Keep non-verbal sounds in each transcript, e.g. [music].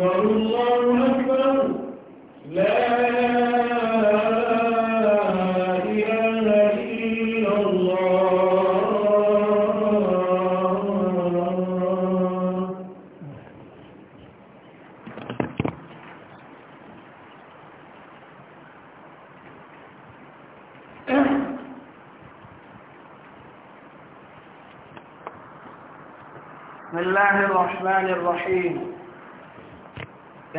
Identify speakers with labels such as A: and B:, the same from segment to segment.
A: الله أكبر لا إله إلا الله بسم الله الرحمن الرحيم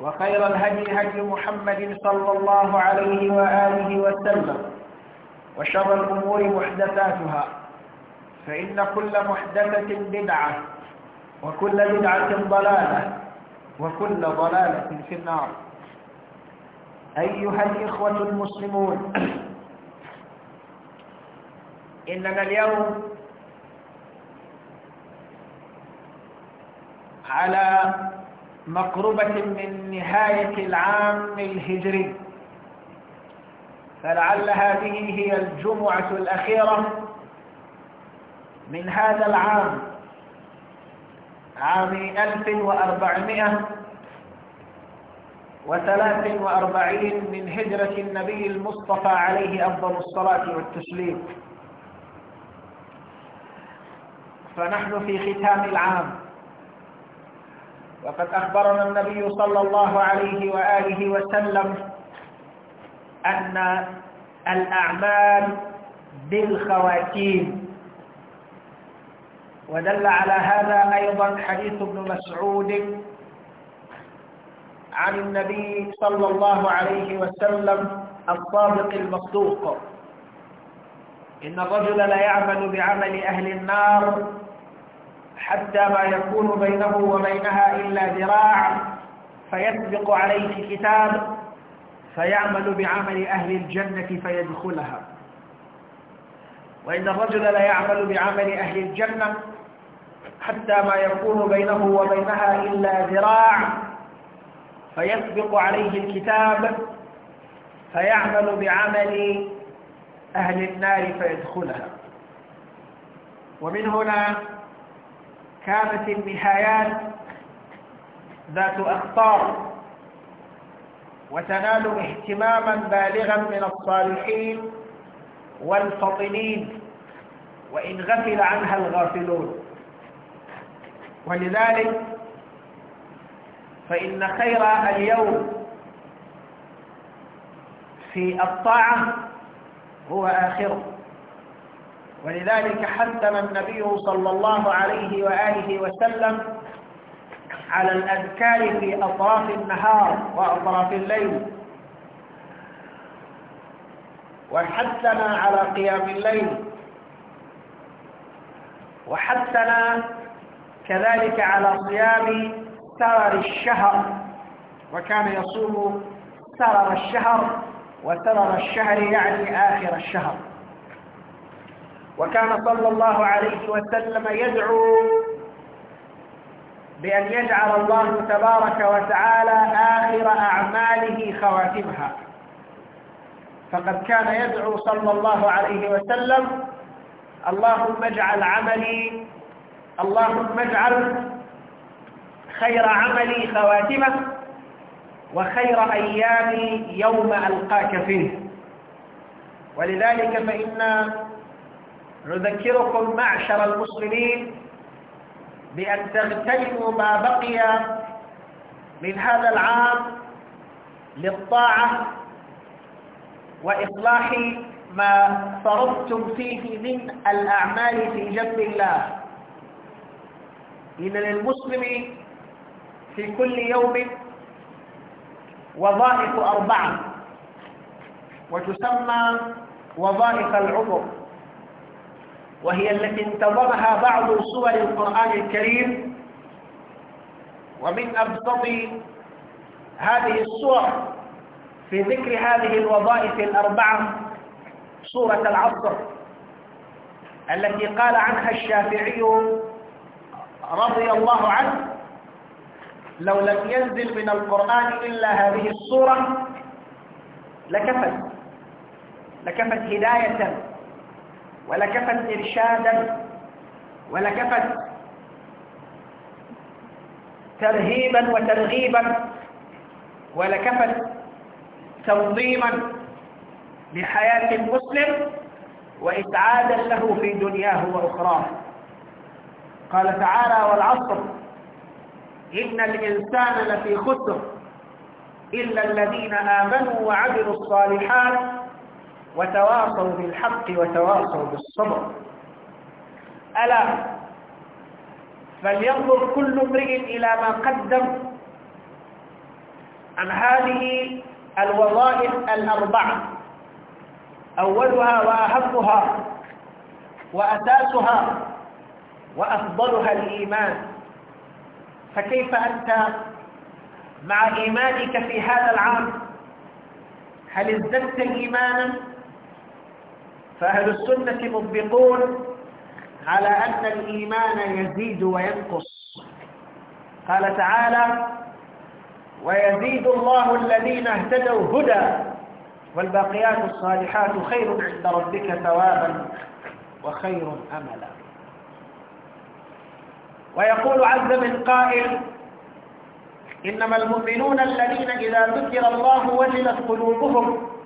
A: وخير الهدي هدي محمد صلى الله عليه وآله وسلم وشر الأمور محدثاتها فإن كل محدثة بدعة وكل بدعة ضلالة وكل ضلالة في النار أيها الإخوة المسلمون إننا اليوم على مقربة من نهاية العام الهجري فلعل هذه هي الجمعة الأخيرة من هذا العام عام 1443 من هجرة النبي المصطفى عليه أفضل الصلاة والتسليم فنحن في ختام العام وقد أخبرنا النبي صلى الله عليه وآله وسلم أن الأعمال بالخواتيم ودل على هذا أيضا حديث ابن مسعود عن النبي صلى الله عليه وسلم الصادق المصدوق إن الرجل لا يعمل بعمل أهل النار حتى ما يكون بينه وبينها إلا ذراع فيسبق عليه الكتاب فيعمل بعمل أهل الجنة فيدخلها وإن الرجل لا يعمل بعمل أهل الجنة حتى ما يكون بينه وبينها إلا ذراع فيسبق عليه الكتاب فيعمل بعمل أهل النار فيدخلها ومن هنا كانت النهايات ذات أخطار وتنال اهتماما بالغا من الصالحين والفطنين وإن غفل عنها الغافلون ولذلك فإن خير اليوم في الطاعة هو آخره ولذلك حثم النبي صلى الله عليه وآله وسلم على الأذكار في أطراف النهار وأطراف الليل وحثنا على قيام الليل وحثنا كذلك على صيام سرر الشهر وكان يصوم سرر الشهر وسرر الشهر يعني آخر الشهر وكان صلى الله عليه وسلم يدعو بأن يجعل الله تبارك وتعالى آخر أعماله خواتمها فقد كان يدعو صلى الله عليه وسلم اللهم اجعل عملي اللهم اجعل خير عملي خواتمه وخير أيامي يوم ألقاك فيه ولذلك فإن نذكركم معشر المسلمين بأن تغتنموا ما بقي من هذا العام للطاعة وإصلاح ما فرضتم فيه من الأعمال في جنب الله إن للمسلم في كل يوم وظائف أربعة وتسمى وظائف العمر وهي التي انتظمها بعض سور القرآن الكريم ومن أبسط هذه السور في ذكر هذه الوظائف الأربعة سورة العصر التي قال عنها الشافعي رضي الله عنه لو لم ينزل من القرآن إلا هذه السورة لكفت لكفت هداية ولكفت إرشادا ولكفت ترهيبا وترغيبا ولكفت تنظيما لحياة المسلم وإسعادا له في دنياه وأخراه قال تعالى والعصر إن الإنسان لفي خسر إلا الذين آمنوا وعملوا الصالحات وتواصوا بالحق وتواصوا بالصبر ألا فلينظر كل امرئ إلى ما قدم عن هذه الوظائف الأربعة أولها وأهمها وأساسها وأفضلها الإيمان فكيف أنت مع إيمانك في هذا العام هل ازددت إيمانا فأهل السنة مطبقون على أن الإيمان يزيد وينقص قال تعالى ويزيد الله الذين اهتدوا هدى والباقيات الصالحات خير عند ربك ثوابا وخير أملا ويقول عز من قائل إنما المؤمنون الذين إذا ذكر الله وجلت قلوبهم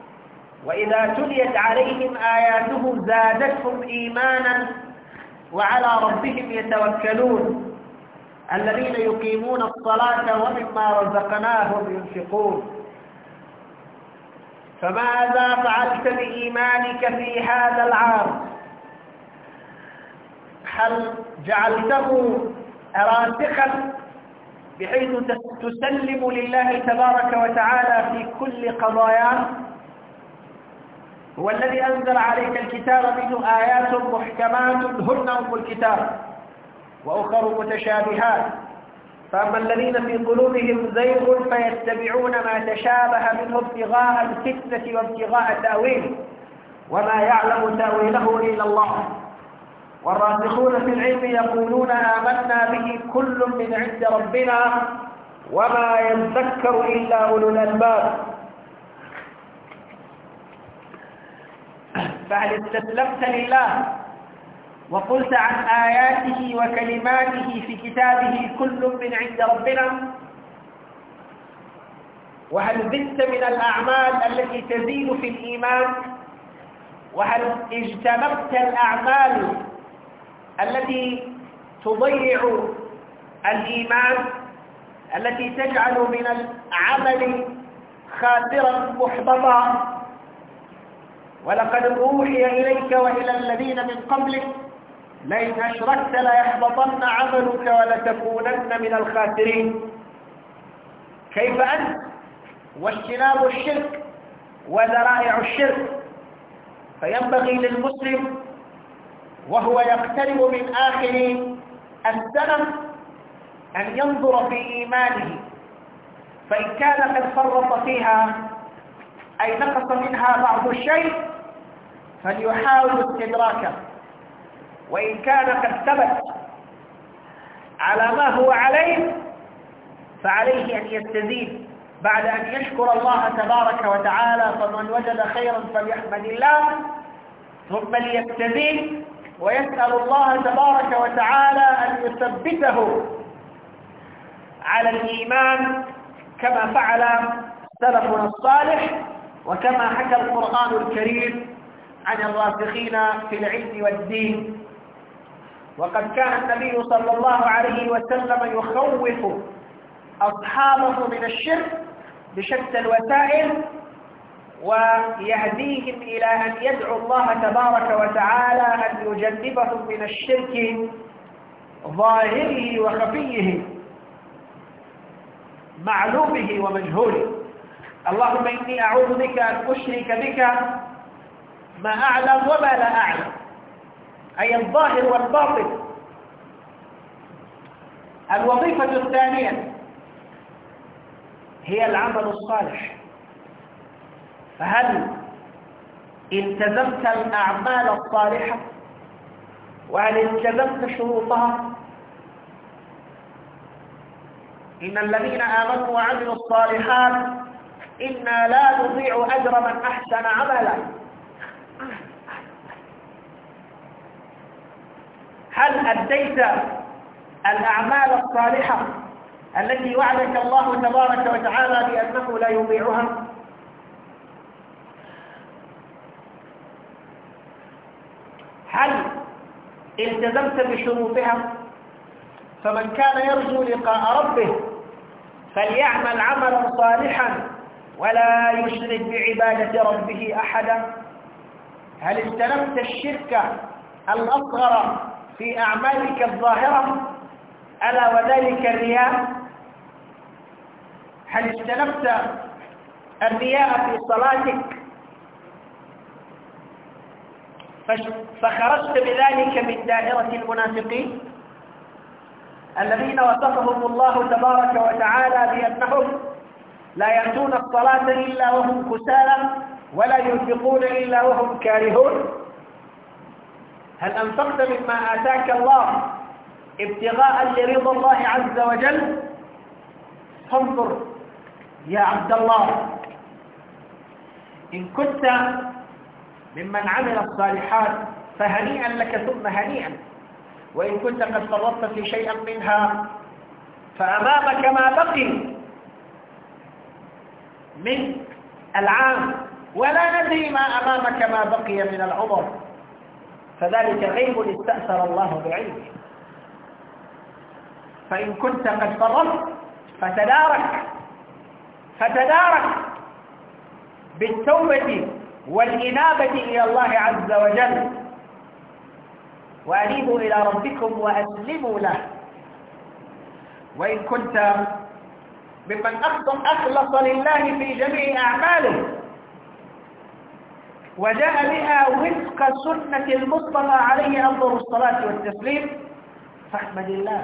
A: وإذا تليت عليهم آياته زادتهم إيمانا وعلى ربهم يتوكلون الذين يقيمون الصلاة ومما رزقناهم ينفقون فماذا فعلت بإيمانك في هذا العام هل جعلته راسخا بحيث تسلم لله تبارك وتعالى في كل قضاياه هو الذي أنزل عليك الكتاب منه آيات محكمات هن أم الكتاب وأخر متشابهات فأما الذين في قلوبهم زيغ فيتبعون ما تشابه منه ابتغاء الفتنة وابتغاء تأويله وما يعلم تأويله إلا الله والراسخون في العلم يقولون آمنا به كل من عند ربنا وما يذكر إلا أولو الألباب فهل استسلمت لله وقلت عن آياته وكلماته في كتابه كل من عند ربنا وهل زدت من الأعمال التي تزيد في الإيمان وهل اجتنبت الأعمال التي تضيع الإيمان التي تجعل من العمل خاسرا محبطا ولقد أوحي إليك وإلى الذين من قبلك لئن أشركت ليحبطن عملك ولتكونن من الخاسرين كيف أنت واجتناب الشرك وذرائع الشرك فينبغي للمسلم وهو يقترب من آخر السنة أن ينظر في إيمانه فإن كان قد فرط فيها أي نقص منها بعض الشيء فليحاول استدراكه وإن كان قد ثبت على ما هو عليه فعليه أن يستزيد بعد أن يشكر الله تبارك وتعالى فمن وجد خيرا فليحمد الله ثم ليستزيد ويسأل الله تبارك وتعالى أن يثبته على الإيمان كما فعل سلفنا الصالح وكما حكى القرآن الكريم عن الراسخين في العلم والدين وقد كان النبي صلى الله عليه وسلم يخوف أصحابه من الشرك بشتى الوسائل ويهديهم إلى أن يدعو الله تبارك وتعالى أن يجنبهم من الشرك ظاهره وخفيه معلومه ومجهوله اللهم إني أعوذ بك أن أشرك بك ما أعلم وما لا أعلم أي الظاهر والباطن الوظيفة الثانية هي العمل الصالح فهل التزمت الأعمال الصالحة وهل التزمت شروطها إن الذين آمنوا وعملوا الصالحات إنا لا نضيع أجر من أحسن عملا هل أديت الأعمال الصالحة التي وعدك الله تبارك وتعالى بأنه لا يضيعها هل التزمت بشروطها فمن كان يرجو لقاء ربه فليعمل عملا صالحا ولا يشرك بعبادة ربه أحدا هل استلمت الشرك الأصغر في أعمالك الظاهرة ألا وذلك الرياء هل استلمت الرياء في صلاتك فخرجت بذلك من دائرة المنافقين الذين وصفهم الله تبارك وتعالى بأنهم لا يأتون الصلاة إلا وهم كسالى ولا ينفقون إلا وهم كارهون هل أنفقت مما آتاك الله ابتغاء لرضا الله عز وجل فانظر يا عبد الله إن كنت ممن عمل الصالحات فهنيئا لك ثم هنيئا وإن كنت قد فرطت في شيئا منها فأمامك ما بقي من العام ولا ندري ما أمامك ما بقي من العمر فذلك غيب استأثر الله بعلمه فإن كنت قد فرطت فتدارك فتدارك بالتوبة والإنابة إلى الله عز وجل وأنيبوا إلى ربكم وأسلموا له وإن كنت ممن أخلص لله في جميع أعماله وجاء بها وفق سنة المصطفى عليه أفضل الصلاة والتسليم فاحمد الله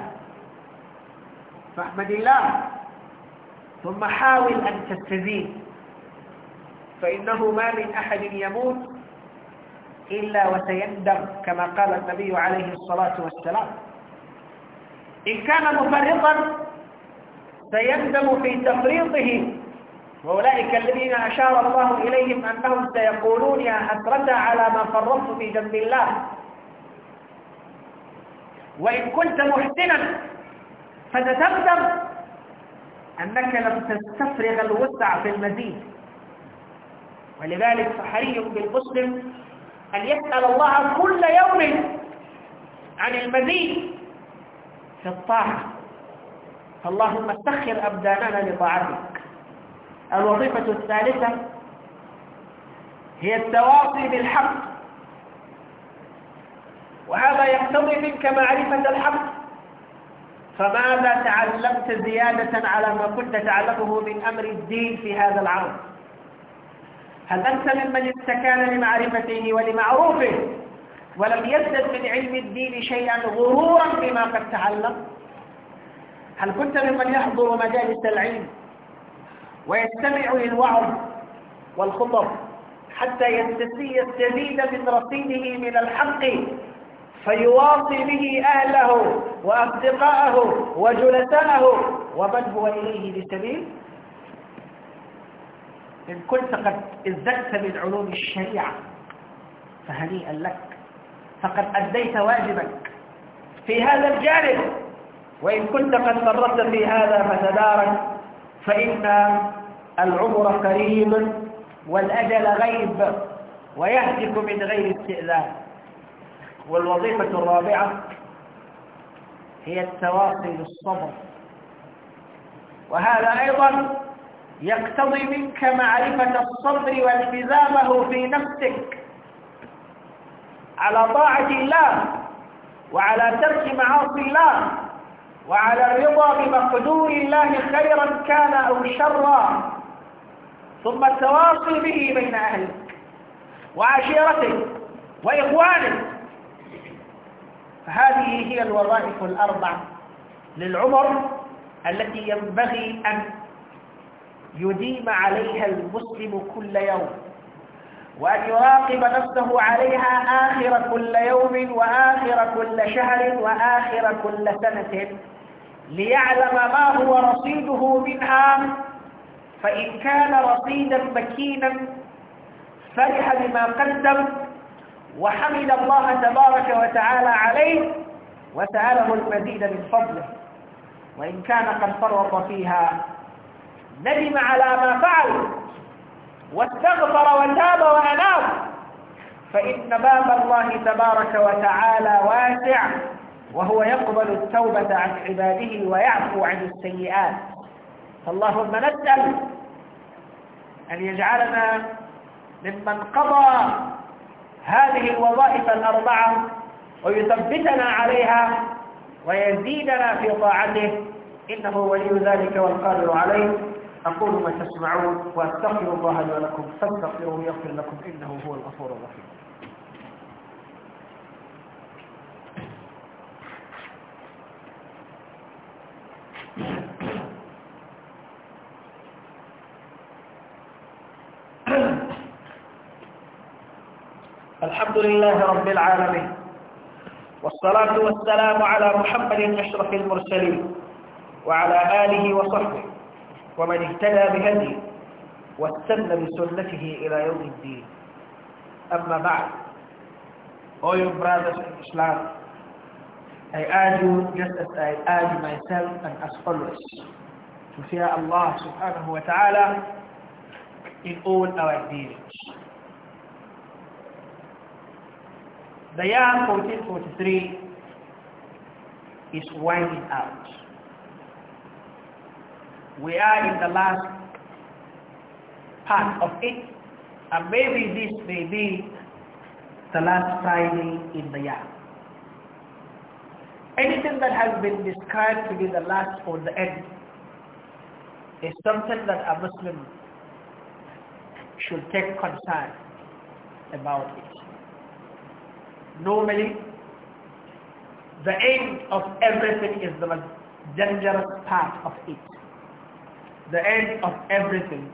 A: فاحمد الله ثم حاول أن تستزيد فإنه ما من أحد يموت إلا وسيندم كما قال النبي عليه الصلاة والسلام إن كان مفرطا سيندم في تفريطه وأولئك الذين أشار الله إليهم أنهم سيقولون يا حسرة على ما فرطت في جنب الله وإن كنت محسنا فتتندم أنك لم تستفرغ الوسع في المزيد ولذلك فحري بالمسلم أن يسأل الله كل يوم عن المزيد في الطاعة اللهم سخر أبداننا لطاعتك الوظيفة الثالثة هي التواصي بالحق وهذا يقتضي منك معرفة الحق فماذا تعلمت زيادة على ما كنت تعلمه من أمر الدين في هذا العام هل أنت ممن استكان لمعرفته ولمعروفه ولم يزدد من علم الدين شيئا غرورا بما قد تعلم هل كنت ممن يحضر مجالس العلم ويستمع للوعظ والخطب حتى يستسي السديد من رصيده من الحق فيواصي به أهله وأصدقائه وجلسائه ومن هو إليه بسبيل إن كنت قد ازددت من علوم الشريعة فهنيئا لك فقد أديت واجبك في هذا الجانب وإن كنت قد فرطت في هذا فتدارك فإن العمر قريب والأجل غيب ويهلك من غير استئذان والوظيفة الرابعة هي التواصي بالصبر وهذا أيضا يقتضي منك معرفة الصبر والتزامه في نفسك على طاعة الله وعلى ترك معاصي الله وعلى الرضا بمقدور الله خيرا كان أو شرا ثم التواصل به بين أهلك وعشيرتك وإخوانك فهذه هي الوظائف الأربع للعمر التي ينبغي أن يديم عليها المسلم كل يوم وأن يراقب نفسه عليها آخر كل يوم وآخر كل شهر وآخر كل سنة ليعلم ما هو رصيده منها فإن كان رصيدا مكينا فرح بما قدم وحمد الله تبارك وتعالى عليه وسأله المزيد من فضله وإن كان قد فرط فيها ندم على ما فعل واستغفر وتاب وأناب فإن باب الله تبارك وتعالى واسع وهو يقبل التوبة عن عباده ويعفو عن السيئات فاللهم نسأل أن يجعلنا ممن قضى هذه الوظائف الأربعة ويثبتنا عليها ويزيدنا في طاعته إنه ولي ذلك والقادر عليه أقول ما تسمعون وأستغفر الله لي ولكم فاستغفروه يغفر لكم إنه هو الغفور الرحيم الحمد لله رب العالمين والصلاة والسلام على محمد أشرف المرسلين وعلى آله وصحبه ومن اهتدى بهديه واستنى بسنته إلى يوم الدين أما بعد all your brothers in Islam I urge you just as I urge myself and as always to fear Allah subhanahu wa ta'ala in all our dealings the year 1443 is winding out we are in the last part of it and maybe this may be the last Friday in the year. Anything that has been described to be the last or the end is something that a Muslim should take concern about it. Normally, the end of everything is the most dangerous part of it the end of everything.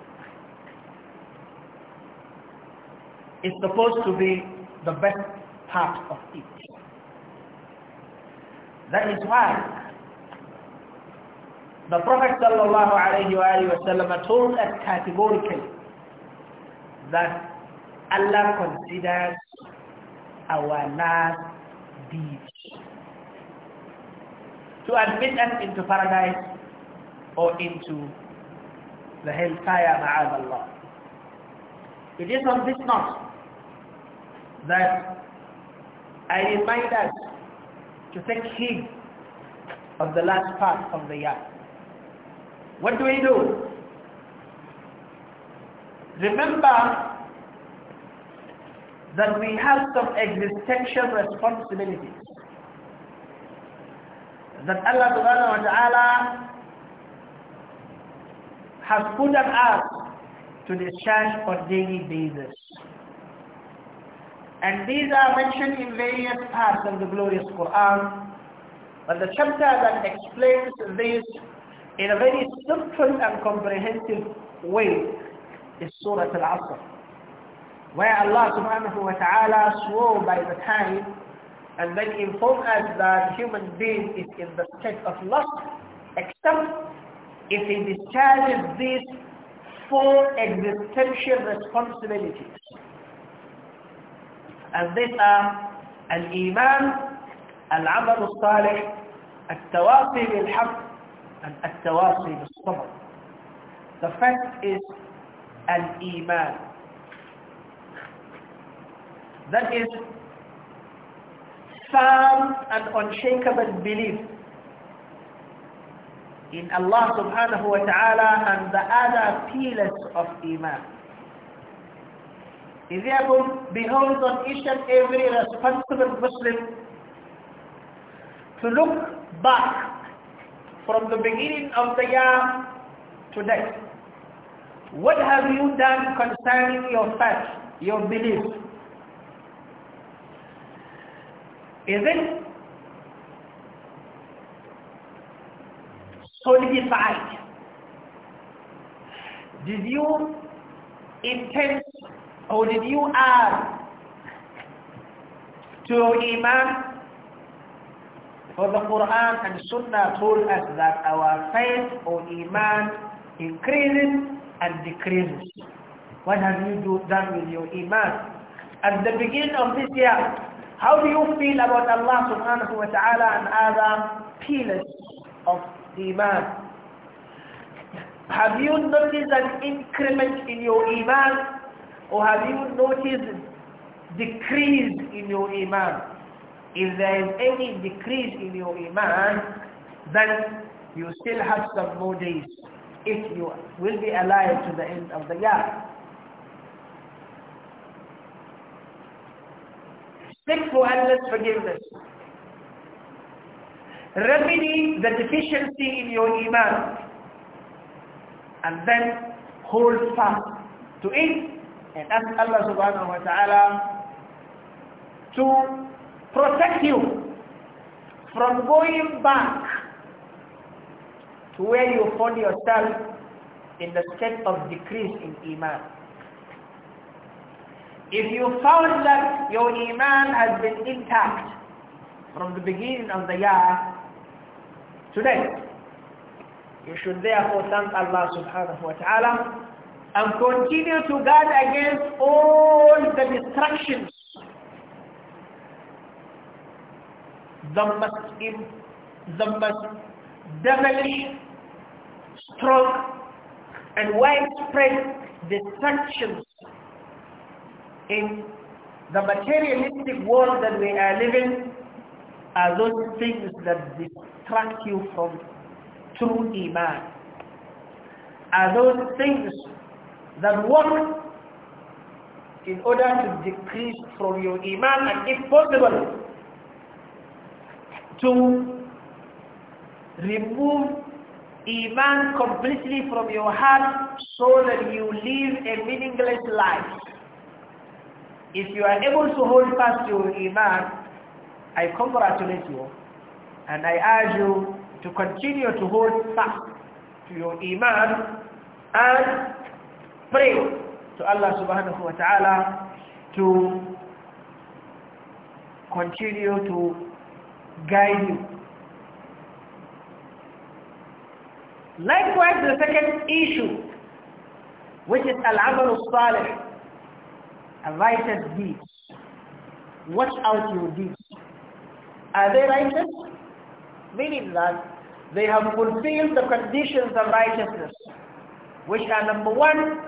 A: is supposed to be the best part of it. That is why the Prophet ﷺ told us categorically that Allah considers our last deeds to admit us into paradise or into the hellfire Allah. It is on this note that I remind us to take heed of the last part of the year. What do we do? Remember that we have some existential responsibilities that Allah subhanahu wa ta'ala has put an ask to discharge on daily basis. And these are mentioned in various parts of the glorious Quran. But the chapter that explains this in a very simple and comprehensive way is Surah Al-Asr. Where Allah subhanahu wa ta'ala swore by the time and then informed us that human being is in the state of lust except if he discharges these four existential responsibilities. And these are al-Iman, al-Amal al-Salih, al-Tawasi bil-Haq, and al-Tawasi bil-Sabr. The fact is al-Iman. That is firm and unshakable belief in Allah subhanahu wa ta'ala and the other pillars of Iman. He therefore beholds on each and every responsible Muslim to look back from the beginning of the year to date. What have you done concerning your faith, your belief? Is it solidified. Did you intend or did you add to your iman? For the Quran and Sunnah told us that our faith or iman increases and decreases. What have you done with your iman? At the beginning of this year, how do you feel about Allah subhanahu wa ta'ala and other pillars of iman. Have you noticed an increment in your iman or have you noticed decrease in your iman? If there is any decrease in your iman, then you still have some more days if you will be alive to the end of the year. Seek for endless forgiveness remedy the deficiency in your iman and then hold fast to it and ask Allah subhanahu wa ta'ala to protect you from going back to where you found yourself in the state of decrease in iman. If you found that your iman has been intact from the beginning of the year, today. You should therefore thank Allah subhanahu wa ta'ala and continue to guard against all the distractions. The most, the most devilish, strong and widespread distractions in the materialistic world that we are living are those things that distract distract you from true Iman are those things that work in order to decrease from your Iman and if possible to remove Iman completely from your heart so that you live a meaningless life. If you are able to hold fast your Iman, I congratulate you and I urge you to continue to hold fast to your iman and pray to Allah subhanahu wa ta'ala to continue to guide you. Likewise, the second issue, which is al-amal salih, righteous deeds. Watch out your deeds. Are they righteous? meaning that they have fulfilled the conditions of righteousness, which are number one,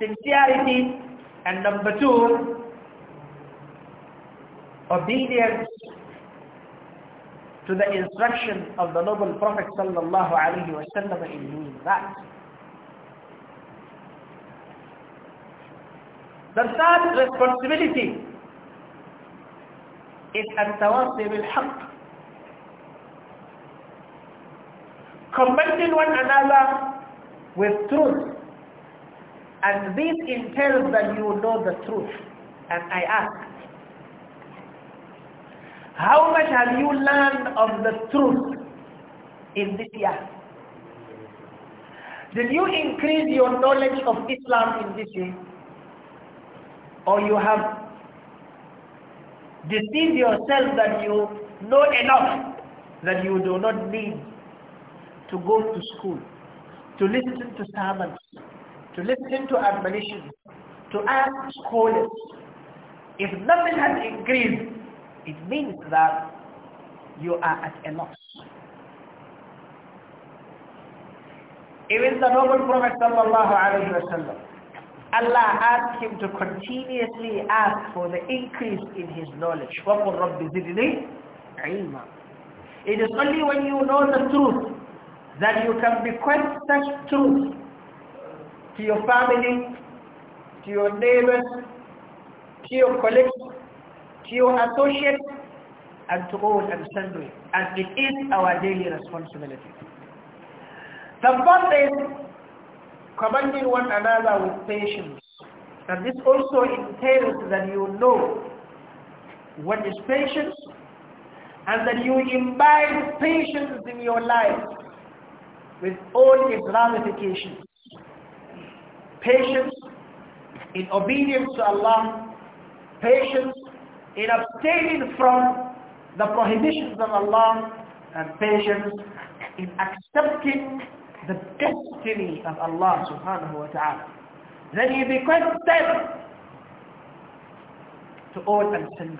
A: sincerity, and number two, obedience to the instruction of the noble Prophet sallallahu alaihi wasallam in doing that. The third responsibility is at tawassi combating one another with truth. And this entails that you know the truth. And I ask, how much have you learned of the truth in this year? Did you increase your knowledge of Islam in this year? Or you have deceived yourself that you know enough that you do not need to go to school, to listen to sermons, to listen to admonitions, to ask scholars. If nothing has increased, it means that you are at a loss. Even the noble Prophet sallallahu alayhi wa sallam, Allah asked him to continuously ask for the increase in his knowledge. It is only when you know the truth that you can bequeath such truth to your family, to your neighbors, to your colleagues, to your associates, and to all and sundry. And it is our daily responsibility. The fourth is commanding one another with patience. And this also entails that you know what is patience and that you imbibe patience in your life with all its ramifications. Patience in obedience to Allah, patience in abstaining from the prohibitions of Allah, and patience in accepting the destiny of Allah subhanahu wa ta'ala. Then he bequests them to all and single.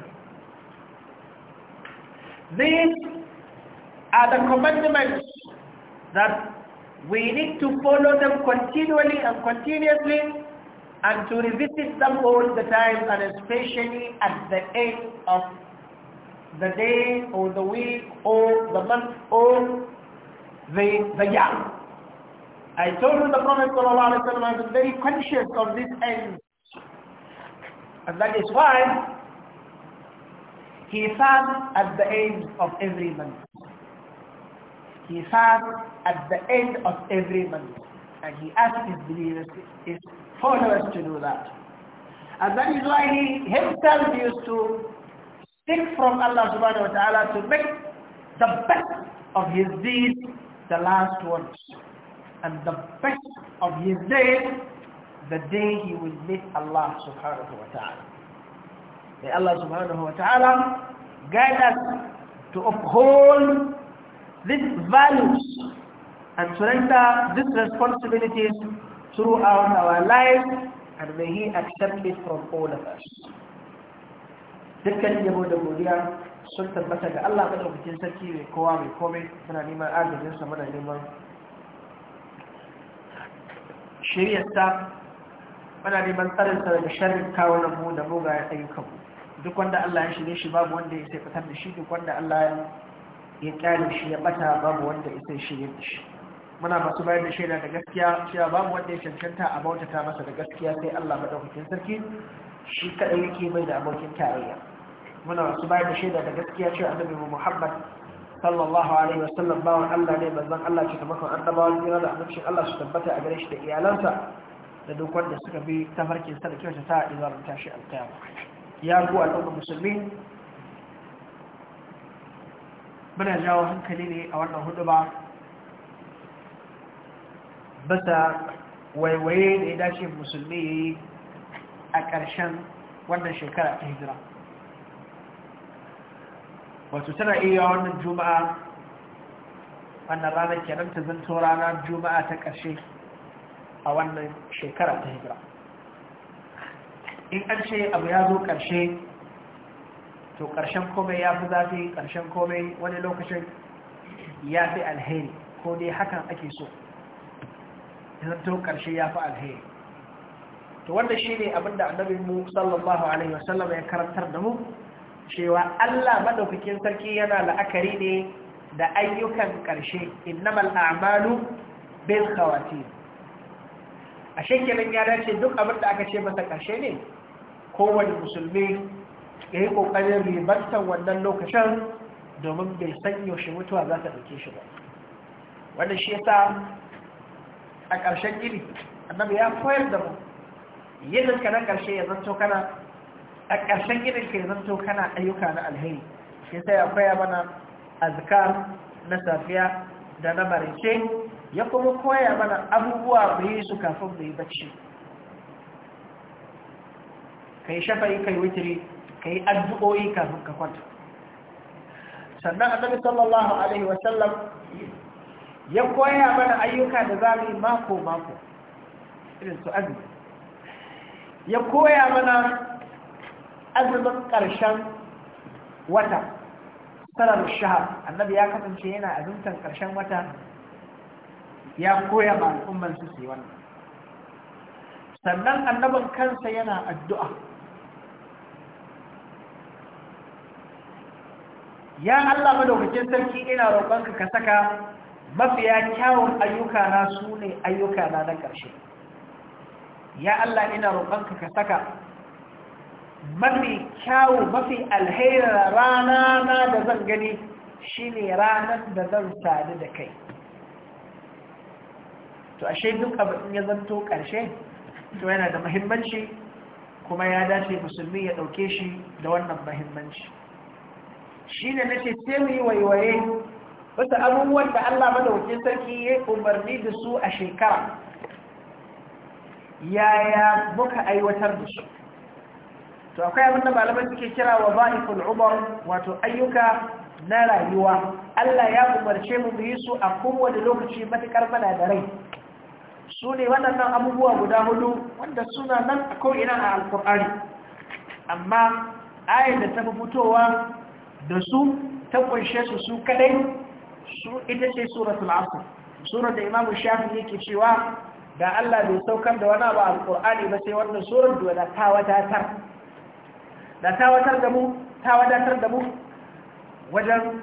A: These are the commandments that we need to follow them continually and continuously and to revisit them all the time and especially at the end of the day or the week or the month or the, the year. I told you the Prophet ﷺ was very conscious of this end and that is why he sang at the end of every month. He had at the end of every month. And he asked his believers, his followers to do that. And that is why he himself used to seek from Allah subhanahu wa ta'ala to make the best of his deeds the last ones. And the best of his day, the day he will meet Allah subhanahu wa ta'ala. May Allah subhanahu wa ta'ala guide us to uphold these values and surrender these responsibilities throughout our lives and may He accept it from all of us. Dukkan yabo da godiya sun tabbata ga Allah madaukakin sarki mai kowa mai komai muna neman agajinsa muna neman shiryarsa muna neman tsarinsa daga sharrin kawunan mu da mugayen ayyukanmu duk wanda Allah ya shirye shi babu wanda ya sai fitar da shi duk wanda Allah ya ya kyale shi ya bata babu wanda isa shirye da shi muna masu bayar da shaida da gaskiya cewa babu wanda ya cancanta a bautata masa da gaskiya sai Allah madaukakin sarki shi kadai yake mai da abokin tarayya muna masu bayar da shaida da gaskiya cewa annabi Muhammad sallallahu alaihi wasallam bawan Allah ne manzon Allah ce tamakon annabawa jira da annabcin Allah su tabbata a gare shi da iyalansa da duk wanda suka bi tafarkin sa da kyautata idan ta shi alkiyama ya ku al'ummar musulmi muna jawo hankali ne a wannan hudu ba bata waiwaye da ya dace musulmi ya yi a ƙarshen wannan shekara ta hijira wato tana iya wannan juma'a wannan ranar kenan ta zanto ranar juma'a ta ƙarshe a wannan shekara ta hijira in an ce abu ya zo ƙarshe to ƙarshen komai ya fi zafi ƙarshen komai wani lokacin ya fi alheri ko dai hakan ake so to ƙarshe ya fi alheri to wanda shi ne abinda annabi mu sallallahu alaihi wasallam ya karantar da mu cewa Allah maɗaukakin sarki yana la'akari ne da ayyukan ƙarshe innamal a'malu bil khawatim a shekelin ya dace duk abinda aka ce masa ƙarshe ne kowane musulmi ya yi ƙoƙarin ribantar wannan lokacin domin bai san yaushe mutuwa za ta ɗauke shi ba wanda shi ya sa a ƙarshen iri annabi ya koyar da mu yinin ka na ƙarshe ya zanto kana a ƙarshen irin ka ya zanto kana ayyuka na alheri shi sai ya koya mana azkar na safiya da na marince ya kuma koya mana abubuwa da yi su kafin mu yi bacci kai shafari kai witiri ka yi addu'o'i kafin ka kwanta sannan annabi sallallahu alaihi wasallam ya koya mana ayyuka da za mu yi mako-mako irin su azumi ya koya mana azumin ƙarshen wata sarar shahar annabi ya kasance yana azumtan ƙarshen wata ya koya ma al'umman su su yi wannan sannan annabin kansa yana addu'a ya Allah madaukakin sarki ina roƙonka ka saka mafiya kyawun ayyuka na su ne ayyuka na na ƙarshe ya Allah ina roƙonka ka saka mafi kyawu mafi alhera, rana na da zan gani shine ranar da zan sadu da kai to ashe duk abin ya zanto ƙarshe to yana da muhimmanci kuma ya dace musulmi ya ɗauke shi da wannan muhimmanci shi ne na ce sai mu yi waiwaye wasu abubuwan da Allah madawacin sarki ya umarni da su a shekara yaya muka aiwatar da su to akwai abin da malamai suke kira wa ba'iful umar wato ayyuka na rayuwa Allah ya umarce mu yi su a kowane lokaci matuƙar mana da rai su ne waɗannan abubuwa guda hudu wanda suna nan a ko'ina a alkur'ani amma ayin da ta fi fitowa da su ta kunshe su su kadai su ita ce suratul asr surar da imamu shafi yake cewa da Allah bai saukar da wani abu alqur'ani ba sai wannan surar da ta wadatar da ta wadatar da mu ta wadatar da mu wajen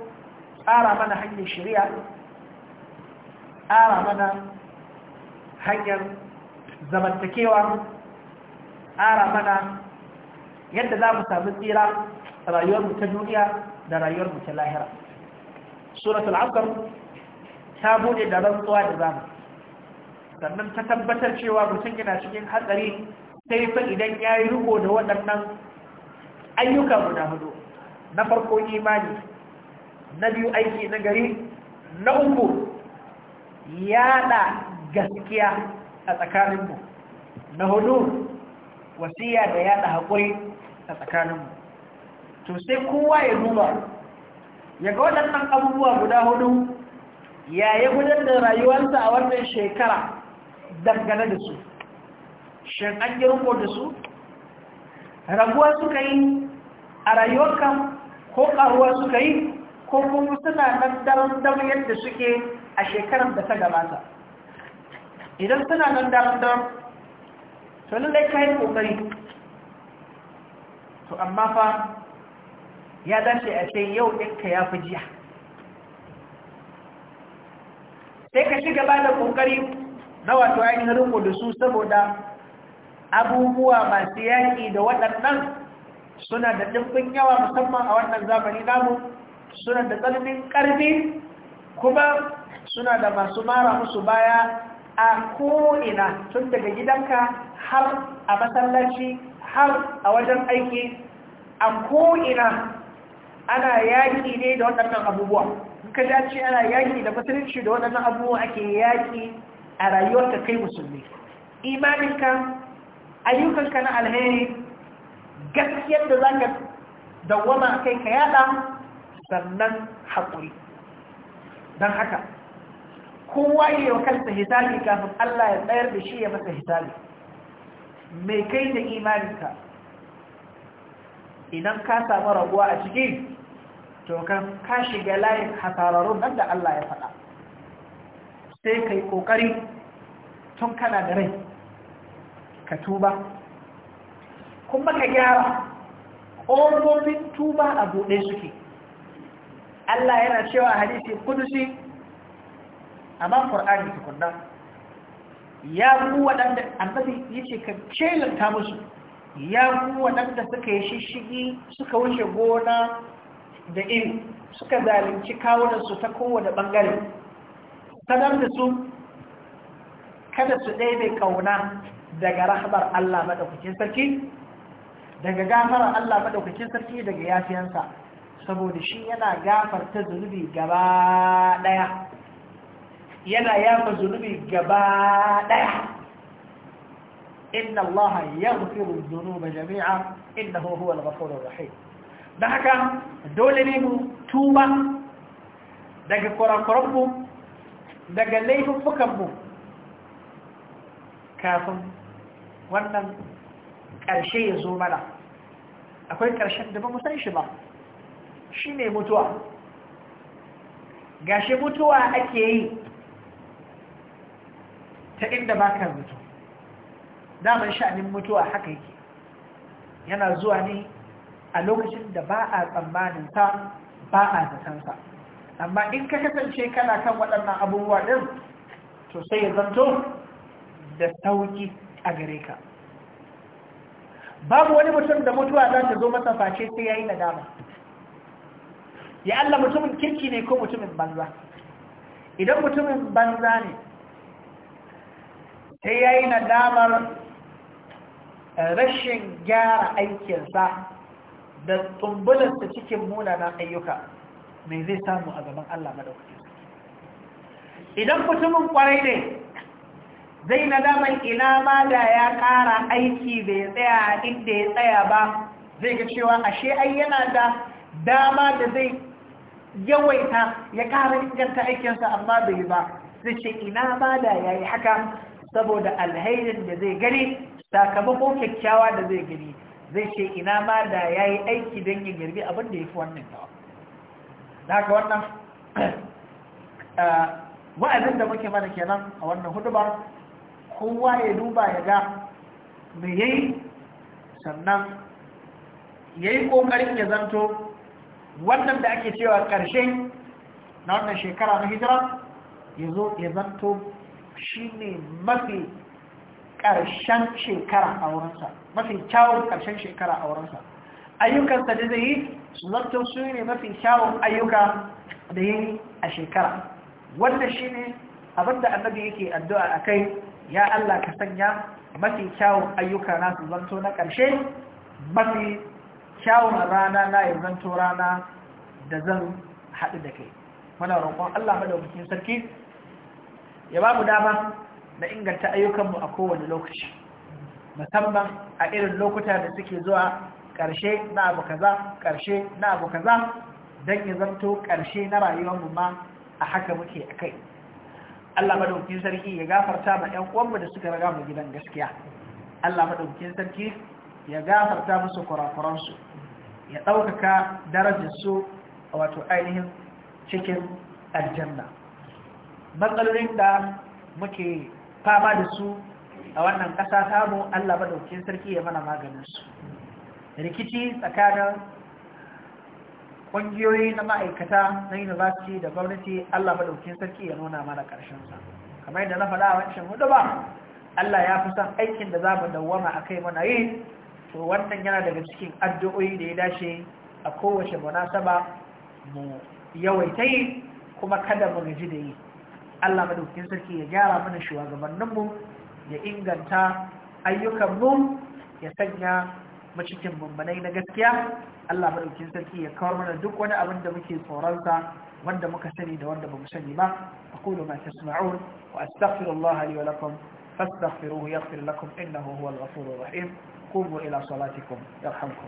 A: tsara mana hanyar shari'a tsara mana hanyar zamantakewa tsara mana yadda za mu samu tsira rayuwarmu ta duniya da rayuwar mu ta lahira suratul abqar ta bude da rantsuwa da zamu sannan ta tabbatar cewa mutum yana cikin hatsari sai fa idan ya yi riko da waɗannan ayyuka guda hudu na farko imani na biyu aiki na gari na uku yaɗa gaskiya a tsakaninmu na hudu wasiya da yaɗa haƙuri a tsakaninmu to sai kowa ya duba ya ga waɗannan abubuwa guda hudu ya yi gudan da rayuwarsa a wannan shekara dangane da su shin an yi da su raguwa suka yi a rayuwarka ko ƙaruwa suka yi ko kuma suna nan daren dam yadda suke a shekarar da ta gabata idan suna nan daren dam to lullai ka yi ƙoƙari to amma fa ya dace a ce yau ɗinka ya fi jiya sai ka ci gaba da ƙoƙari na wato ainihin riko da su saboda abubuwa masu yaƙi da waɗannan suna da ɗimbin yawa musamman a wannan zamani namu suna da tsananin ƙarfi kuma suna da masu mara musu baya a ko'ina tun daga gidanka har a masallaci har a wajen aiki a ko'ina ana yaki ne da waɗannan abubuwa ka dace ana yaki da musulunci da waɗannan abubuwa ake yaki a rayuwarka kai musulmi imaninka ayyukanka na alheri gaskiyar da za ka dawwama a kai ka yada sannan haƙuri don haka kowa yi wa kansa hisabi kafin Allah ya tsayar da shi ya masa hisabi mai kai da imaninka idan ka samu raguwa a cikin to ka shiga layin hasararun nan da Allah ya faɗa sai kai ƙoƙari tun kana da rai ka tuba kuma ka gyara ƙofofin tuba a buɗe suke Allah yana cewa hadisi kudusi amma Qur'ani tukunna ya ku waɗanda annabi yace ka celanta musu ya ku waɗanda suka yi shishigi suka wuce gona da in suka zalunci kawunansu ta kowane ɓangare sanar da su kada su ɗaiɗai ƙauna daga rahabar Allah maɗaukakin sarki daga gafarar Allah maɗaukakin sarki daga yafiyansa saboda shi yana gafar ta zunubi gaba ɗaya yana yafa zunubi gaba ɗaya inna Allah ya zunuba jami'a innahu huwa al-ghafurur rahim don haka dole ne mu tuba daga kwarakwaranmu daga laifuffukanmu kafin wannan ƙarshe ya zo mana akwai ƙarshen da ba mu san shi ba shi ne mutuwa gashi mutuwa ake yi ta inda ba ka mutu sha'anin mutuwa haka yake yana zuwa ne a lokacin da ba a tsammanin ta ba a zatansa amma in ka kasance kana kan waɗannan abubuwa ɗin to sai ya zanto da sauƙi a gare ka babu wani mutum da mutuwa za ta zo masa face sai ya yi nadama ya Allah mutumin kirki ne ko mutumin banza idan mutumin banza ne sai ya yi nadamar rashin gyara aikinsa da tsumbulansa cikin munanan ayyuka mai zai samu a gaban Allah madaukakin idan mutumin kwarai ne zai nadaman ina ma da ya ƙara aiki bai tsaya inda ya tsaya ba zai ga cewa ashe ai yana da dama da zai yawaita ya kara inganta aikinsa amma bai ba zai ce ina ma da ya yi haka saboda alhairin da zai gani sakamakon kyakkyawa da zai gani zai ce ina ma da ya yi aiki don ya girbi abinda da ya fi wannan tawa da haka wannan [clears throat] eh, wa'azin da muke mana kenan a wannan hudubar kowa ya duba ya ga me ya yi sannan ya yi ƙoƙarin ya zanto wannan da ake cewa ƙarshe na wannan shekara na hijira ya zo ya zanto shi ne mafi ƙarshen shekara a wurinsa mafi kyawun ƙarshen shekara a wurinsa ayyukansa da zai yi su zarto su ne mafi kyawun ayyuka da yi a shekara wanda shi ne abinda annabi yake addu'a a kai ya Allah ka sanya mafi kyawun ayyuka na su zanto na ƙarshe mafi kyawun rana na ya zanto rana da zan haɗu da kai mana roƙon Allah madaukakin sarki ya ba mu dama Na inganta ayyukanmu a kowane lokaci musamman a irin lokuta da suke zuwa ƙarshe na abu kaza ƙarshe na abu kaza don ya zanto ƙarshe na rayuwarmu ma a haka muke a kai Allah maɗaukin sarki ya gafarta ma 'yan uwanmu da suka raga mu gidan gaskiya Allah maɗaukin sarki ya gafarta musu kurakuransu ya ɗaukaka darajar darajarsu wato ainihin cikin aljanna matsalolin da muke fama da su a wannan ƙasa samu Allah maɗaukin sarki ya mana maganinsu rikici tsakanin ƙungiyoyi na ma'aikata na university da gwamnati Allah maɗaukin sarki ya nuna mana ƙarshensa kamar yadda na faɗa a wancan hudu ba Allah ya fi son aikin da za mu dawwama a kai mana yi to wannan yana daga cikin addu'o'i da ya dace a kowace munasaba mu yawaita yi kuma kada mu gaji da yi Allah madaukakin sarki ya gyara mana shugabanninmu ya inganta ayyukanmu ya sanya mu cikin na gaskiya Allah madaukakin sarki ya kawar mana duk wani abin da muke tsoronsa wanda muka sani da wanda bamu sani ba aqulu ma tasma'un wa astaghfirullah li wa lakum fastaghfiruhu yaghfir lakum innahu huwal ghafurur rahim qumu ila salatikum yarhamkum